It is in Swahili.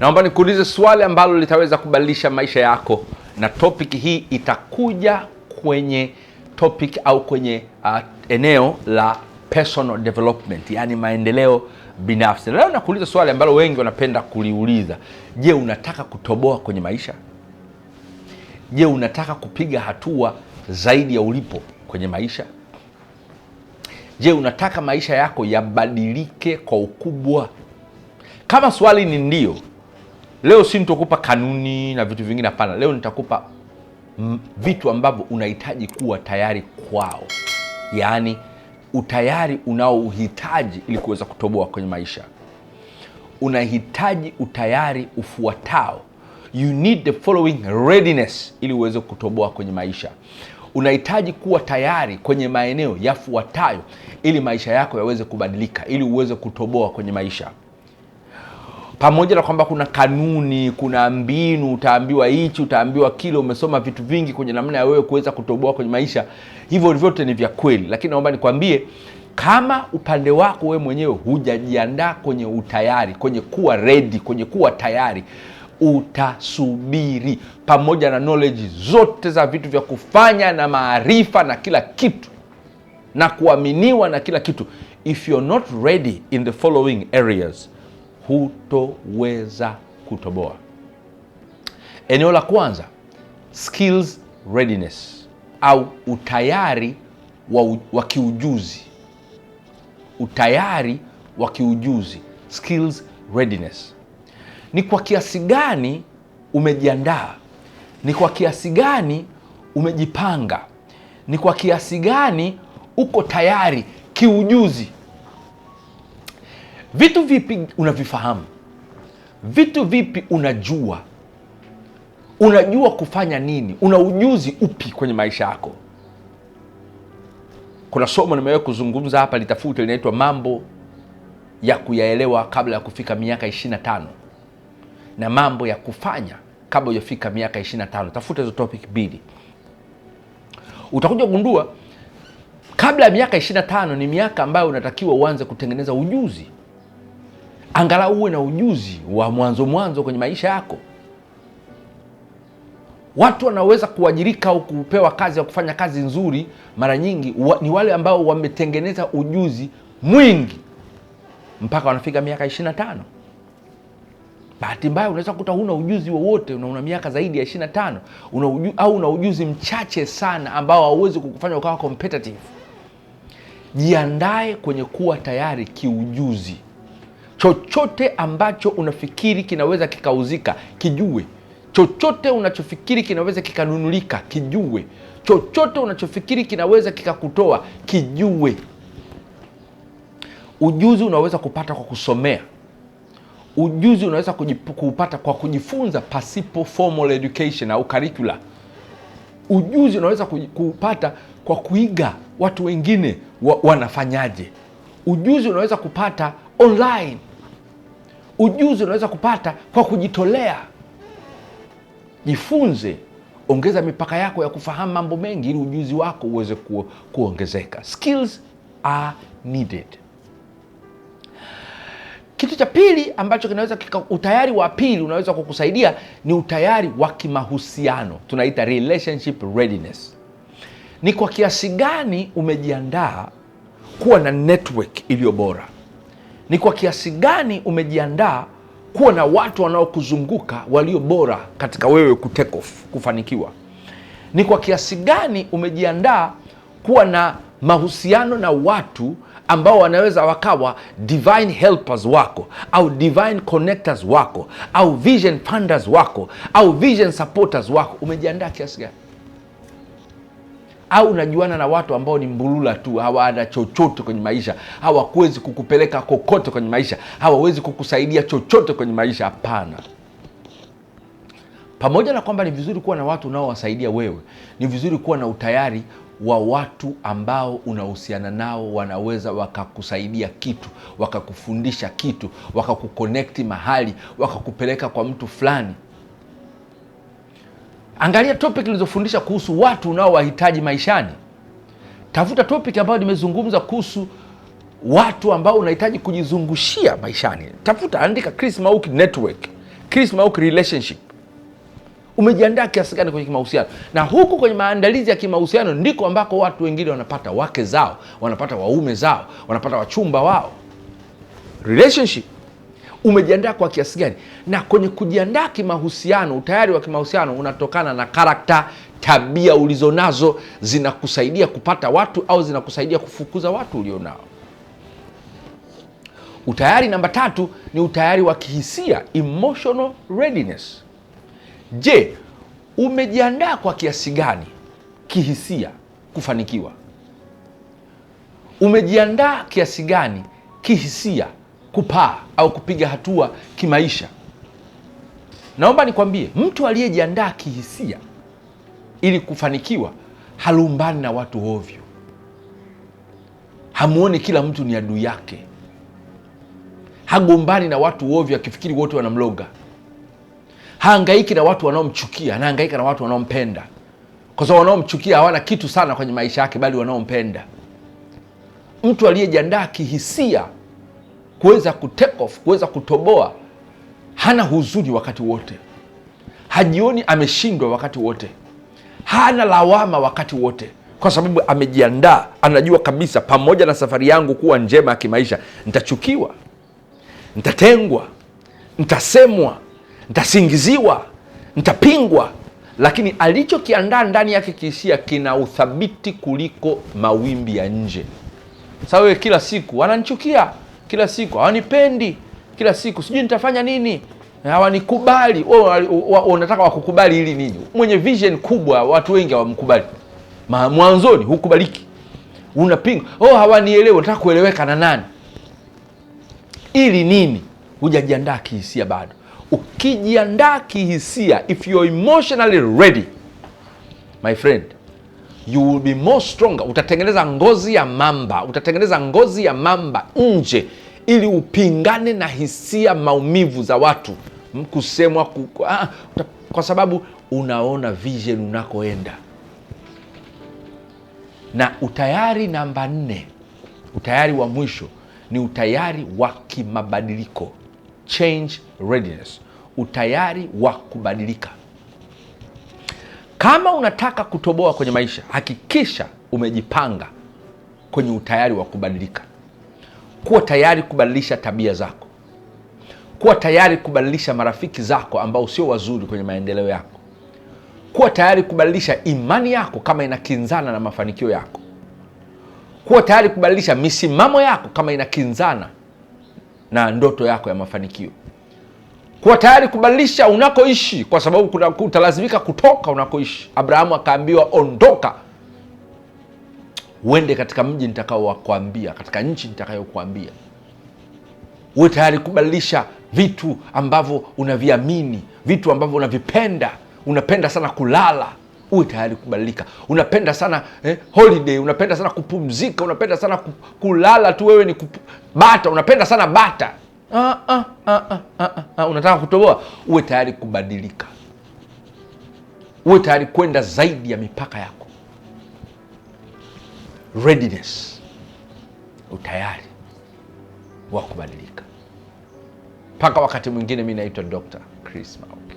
Naomba nikuulize swali ambalo litaweza kubadilisha maisha yako, na topic hii itakuja kwenye topic au kwenye uh, eneo la personal development, yani maendeleo binafsi. Leo nakuuliza swali ambalo wengi wanapenda kuliuliza: je, unataka kutoboa kwenye maisha? Je, unataka kupiga hatua zaidi ya ulipo kwenye maisha? Je, unataka maisha yako yabadilike kwa ukubwa? Kama swali ni ndio, Leo si nitakupa kanuni na vitu vingine, hapana. Leo nitakupa vitu ambavyo unahitaji kuwa tayari kwao, yaani utayari unaouhitaji ili kuweza kutoboa kwenye maisha. Unahitaji utayari ufuatao, you need the following readiness, ili uweze kutoboa kwenye maisha. Unahitaji kuwa tayari kwenye maeneo yafuatayo, ili maisha yako yaweze kubadilika, ili uweze kutoboa kwenye maisha pamoja na kwamba kuna kanuni, kuna mbinu, utaambiwa hichi, utaambiwa kile, umesoma vitu vingi kwenye namna ya wewe kuweza kutoboa kwenye maisha, hivyo vyote ni vya kweli, lakini naomba nikwambie kama upande wako wewe mwenyewe hujajiandaa kwenye utayari, kwenye kuwa redi kwenye kuwa tayari, utasubiri pamoja na knowledge zote za vitu vya kufanya na maarifa na kila kitu na kuaminiwa na kila kitu. If you're not ready in the following areas hutoweza kutoboa. Eneo la kwanza, skills readiness au utayari wa, wa kiujuzi. Utayari wa kiujuzi, skills readiness, ni kwa kiasi gani umejiandaa, ni kwa kiasi gani umejipanga, ni kwa kiasi gani uko tayari kiujuzi Vitu vipi unavifahamu? Vitu vipi unajua? Unajua kufanya nini? Una ujuzi upi kwenye maisha yako? Kuna somo nimewahi kuzungumza hapa, litafute, linaitwa mambo ya kuyaelewa kabla ya kufika miaka 25 na mambo ya kufanya kabla hujafika miaka 25. Tafuta hizo topic mbili, utakuja kugundua kabla ya miaka 25 ni miaka ambayo unatakiwa uanze kutengeneza ujuzi angalau uwe na ujuzi wa mwanzo mwanzo kwenye maisha yako. Watu wanaweza kuajirika au kupewa kazi ya kufanya kazi nzuri, mara nyingi wa, ni wale ambao wametengeneza ujuzi mwingi mpaka wanafika miaka 25. Bahati mbaya unaweza kukuta huna ujuzi wowote na una miaka zaidi ya 25, una uju, au una ujuzi mchache sana ambao hauwezi kukufanya ukawa competitive. Jiandae kwenye kuwa tayari kiujuzi. Chochote ambacho unafikiri kinaweza kikauzika, kijue. Chochote unachofikiri kinaweza kikanunulika, kijue. Chochote unachofikiri kinaweza kikakutoa, kijue. Ujuzi unaweza kupata kwa kusomea. Ujuzi unaweza kuupata kwa kujifunza pasipo formal education au karikula Ujuzi unaweza kuupata kwa kuiga watu wengine wa, wanafanyaje. Ujuzi unaweza kupata online. Ujuzi unaweza kupata kwa kujitolea. Jifunze, ongeza mipaka yako ya kufahamu mambo mengi, ili ujuzi wako uweze ku, kuongezeka. Skills are needed. Kitu cha pili ambacho kinaweza kika, utayari wa pili unaweza kukusaidia ni utayari wa kimahusiano, tunaita relationship readiness. Ni kwa kiasi gani umejiandaa kuwa na network iliyo bora ni kwa kiasi gani umejiandaa kuwa na watu wanaokuzunguka walio bora katika wewe kutekof, kufanikiwa. Ni kwa kiasi gani umejiandaa kuwa na mahusiano na watu ambao wanaweza wakawa divine helpers wako au divine connectors wako au vision funders wako au vision supporters wako. Umejiandaa kiasi gani? au unajuana na watu ambao ni mbulula tu, hawana chochote kwenye maisha, hawakuwezi kukupeleka kokote kwenye maisha, hawawezi kukusaidia chochote kwenye maisha. Hapana. Pamoja na kwamba ni vizuri kuwa na watu unaowasaidia wewe, ni vizuri kuwa na utayari wa watu ambao unahusiana nao, wanaweza wakakusaidia kitu, wakakufundisha kitu, wakakukonekti mahali, wakakupeleka kwa mtu fulani. Angalia topic nilizofundisha kuhusu watu unaowahitaji maishani. Tafuta topic ambayo nimezungumza kuhusu watu ambao unahitaji kujizungushia maishani. Tafuta, andika Chris Mauki network, Chris Mauki relationship. Umejiandaa kiasi gani kwenye kimahusiano? Na huku kwenye maandalizi ya kimahusiano ndiko ambako watu wengine wanapata wake zao, wanapata waume zao, wanapata wachumba wao. Relationship umejiandaa kwa kiasi gani. Na kwenye kujiandaa kimahusiano, utayari wa kimahusiano unatokana na karakta, tabia ulizonazo zinakusaidia kupata watu au zinakusaidia kufukuza watu ulionao. Utayari namba tatu ni utayari wa kihisia, emotional readiness. Je, umejiandaa kwa kiasi gani kihisia kufanikiwa? Umejiandaa kiasi gani kihisia kupaa au kupiga hatua kimaisha. Naomba nikwambie, mtu aliyejiandaa kihisia ili kufanikiwa halumbani na watu ovyo, hamuoni kila mtu ni adui yake, hagombani na watu ovyo akifikiri wote wanamloga, haangaiki na watu wanaomchukia, anaangaika na watu wanaompenda, kwa sababu wanaomchukia hawana kitu sana kwenye maisha yake, bali wanaompenda. Mtu aliyejiandaa kihisia kuweza ku off, kuweza kutoboa. Hana huzuni wakati wote, hajioni ameshindwa wakati wote, hana lawama wakati wote, kwa sababu amejiandaa. Anajua kabisa, pamoja na safari yangu kuwa njema ya kimaisha, ntachukiwa ntatengwa ntasemwa ntasingiziwa ntapingwa lakini alichokiandaa ndani yake kihisia kina uthabiti kuliko mawimbi ya nje. Sasa kila siku wananchukia, kila siku hawanipendi, kila siku sijui nitafanya nini, hawanikubali. Unataka wakukubali ili nini? Mwenye vision kubwa watu wengi hawamkubali mwanzoni, hukubaliki, unapinga. Oh, hawanielewi. Unataka kueleweka na nani? Ili nini? Hujajiandaa kihisia bado. Ukijiandaa kihisia, if you are emotionally ready my friend you will be more stronger. Utatengeneza ngozi ya mamba, utatengeneza ngozi ya mamba nje, ili upingane na hisia maumivu za watu, kusemwa ah, kwa sababu unaona vision unakoenda. Na utayari namba nne, utayari wa mwisho ni utayari wa kimabadiliko, change readiness, utayari wa kubadilika. Kama unataka kutoboa kwenye maisha, hakikisha umejipanga kwenye utayari wa kubadilika. Kuwa tayari kubadilisha tabia zako, kuwa tayari kubadilisha marafiki zako ambao sio wazuri kwenye maendeleo yako, kuwa tayari kubadilisha imani yako kama inakinzana na mafanikio yako, kuwa tayari kubadilisha misimamo yako kama inakinzana na ndoto yako ya mafanikio kuwa tayari kubadilisha unakoishi, kwa sababu kuna utalazimika kutoka unakoishi. Abrahamu akaambiwa, ondoka uende katika mji nitakaowakuambia, katika nchi nitakayokuambia. Uwe tayari kubadilisha vitu ambavyo unaviamini, vitu ambavyo unavipenda. Unapenda sana kulala, uwe tayari kubadilika. Unapenda sana eh, holiday. Unapenda sana kupumzika, unapenda sana kulala tu, wewe ni kupu... bata, unapenda sana bata ah, ah, ah, ah, ah. Unataka kutoboa, uwe tayari kubadilika, uwe tayari kwenda zaidi ya mipaka yako. Readiness, utayari wa kubadilika. Mpaka wakati mwingine, mi naitwa Dr. Chris Mauki.